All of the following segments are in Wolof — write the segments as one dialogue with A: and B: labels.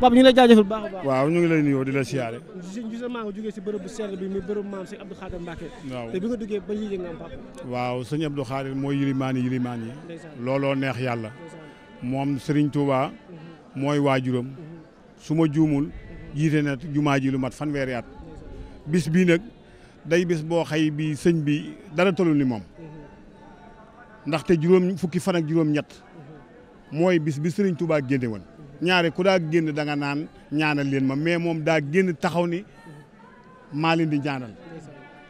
A: Pape ñu waaw ñu ngi lay nuyoo di la nga jógee si bërëb bu sell bi muy bërëb maam sëñ Abdou Khadir Mbacke. te bi nga duggee ba yéeg nga am waaw sëñ Abdou Khadir mooy yilimaan yi yilimaan looloo neex yàlla. moom Serigne Touba. Mhm. mooy waajuram. Mhm. su ma juumul. jiite na jumaa ji lu mat fanweeri at. bis bii nag. day bis boo xay bi sëñ bi dara tollu ni moom ndaxte juróom fukki fan ak juróom-ñett mooy bis bi sëriñ Touba génne woon ñaare ku daa génn danga naan ñaanal leen ma mais moom daa génn taxaw ni maa leen di ñaanal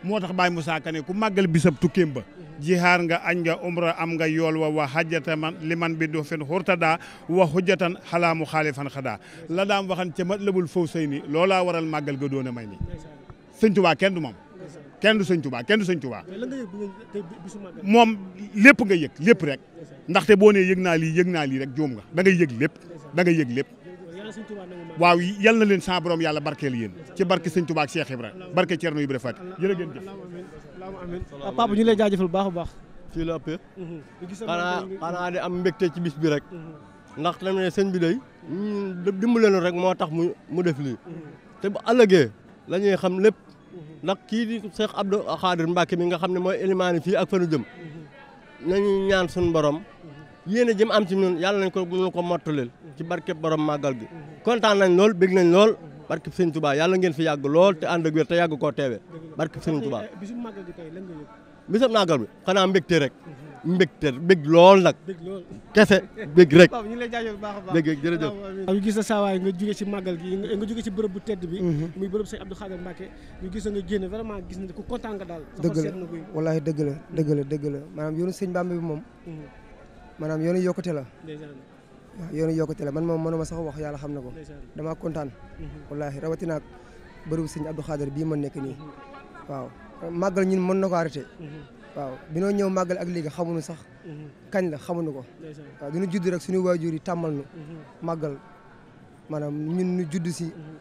A: moo tax Baye Moussa Ka ne ku màggal bisab tukkeem ba jihaar nga añ nga umra am nga yool wa wa xajjata man liman bi do fen daa wa xujjatan xalaamu xaalifan xadaa la daam waxan ca mat labul faw sëy ni loolaa waral màggal ga doon a may ni sëñ kenn du sëñ Touba kenn du sëñ Touba moom lépp nga yëg lépp rek ndaxte boo nee yëg naa lii yëg naa lii rek juum nga da ngay yëg lépp da ngay yëg lépp waaw yal na leen sa borom yàlla barkeel yéen ci barke sëñ Touba ak Cheikh Ibra barke Thierno Ibra Fati jërë ngeen jëf ah, papa ñu lay jaajëfal bu baax a baax fii la ëppee mhm. xanaa xanaa di am mbégte ci bis bi rek mhm. ndax tamit ne sëñ bi day dimbale leen rek moo tax mu mu def lii mhm. te bu ëllëgee la ñuy xam lépp ndax kii di Cheikh Abdou Khadir Mbacke mi nga xam ne mooy élimaani fii ak fanu jëm nañu ñaan suñu borom yéen a jëm am ci ñun yàlla nañ ko mënu ko mottaleel ci barkeb borom màggal gi kontaan nañ lool bég nañ lool barkeb Sëriñ Tuubaa yàlla ngeen fi yàgg lool te ànd ak wér te yàgg koo teewee barkeb Sëriñ Tuubaa bisum màggal bi xanaa mbégte rek mbégte bég lool nag. bég lool kese bég rek. waaw ñu ngi lay jaajëf bu baax a baax bég rek jërëjëf. waaw ñu gis na saa waay nga jóge ci màggal gi nga jóge ci bërëb bu tedd bi. Mhm. muy bërëb sëñ Abdou Khadir Mbacke ñu gis nga gis nañ ko kontaan nga daal. dëgg la
B: wallaahi dëgg la dëgg la dëgg la maanaam yoonu sëñ Bamba bi moom. Mhm. maanaam yoonu yokkute la. waaw yoonu yokkute la man moom mënuma sax wax yàlla xam ne ko. damaa kontaan. Mhm. wallaahi rawatina ak bërëbu sëñ Abdou Khadir bii ma nekk nii waaw màggal ñun mën na ko arrêté waaw binoo ñëw màggal ak léegi xamuñu sax mm-hmm. kañ la xamuñu ko waaw duñu rek suñu waajur yi tàmmal nu mm-hmm. màggal maanaam ñun ñu judd si mm-hmm.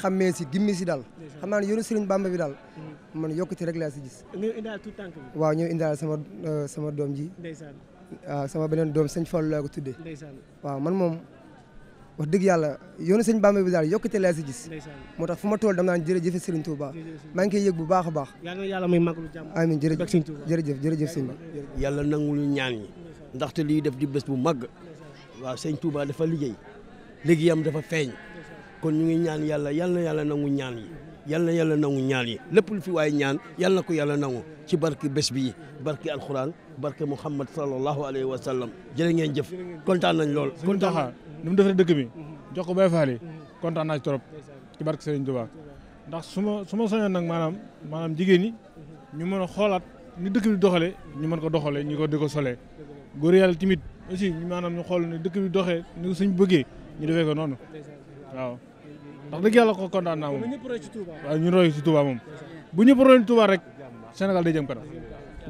B: xammee si gimmi si daal xam naa ne yoonu Sëriñ Bàmba bi daal man yokkute rek laa si gis waaw ñëw indaal sama euh, sama doom ji waaw sama beneen doom sëñ Fallu laa ko waaw man moom wax dëgg yàlla yoonu sëñ Bamba bi daal yokkute laa gis moo tax fu ma tool dama naan jërëjëf Serigne Touba maa ngi koy yëg bu baax a baax
A: amiin jërëjëf jërëjëf jërëjëf sëñ bi yàlla nangulu ñaan yi ndaxte lii def di bés bu màgg waaw sëñ Touba dafa liggéey liggéeyam dafa feeñ kon ñu ngi ñaan yàlla yal na yàlla nangu ñaan yi yal na yàlla nangu ñaan yi lépp lu fi waaye ñaan yal na ko yàlla nangu ci barke bés bi barke alxuraan barke Muhammad sallallahu alayhi wa sallam jërë ngeen jëf kontaan nañ lool kontaan nu defal deug bi jox ko bay faali contant na ci trop ci barke Serigne Touba ndax suma suma su nak manam manam maanaam maanaam ñu mëna xolat ni deug bi doxale ñu mën ko doxale ñi ko diko solé solee yalla timit aussi ñu manam ñu xol ni deug bi doxé ni suñu bëggé ñu defee ko noonu waaw ndax deug yalla ko kontaan naa moom waaw ñu roy ci Touba mom bu ñu roy ci Touba rek senegal day jëm kanam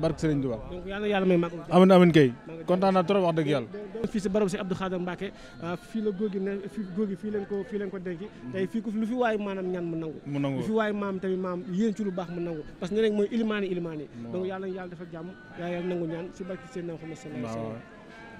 A: barke Serigne Touba yalla yalla may mag amiin amiin kay kontaan naa trop wax dëgg yàlla. fii si barab si Abdou Khader Mbacke euh, fii la góor gi fii góor gi fii leen ko fii leen ko denc tey fii ko lu fi waaye maanaam ñaan mu nangu lu fi waaye maam tamit maam yéen ci lu baax mu nangu parce que nee nañ mooy ilimaani ilimaani donc yàlla yàlla dafa jàmm yàlla nangu ñaan si barki seen na Muhammad sallallahu alayhi wa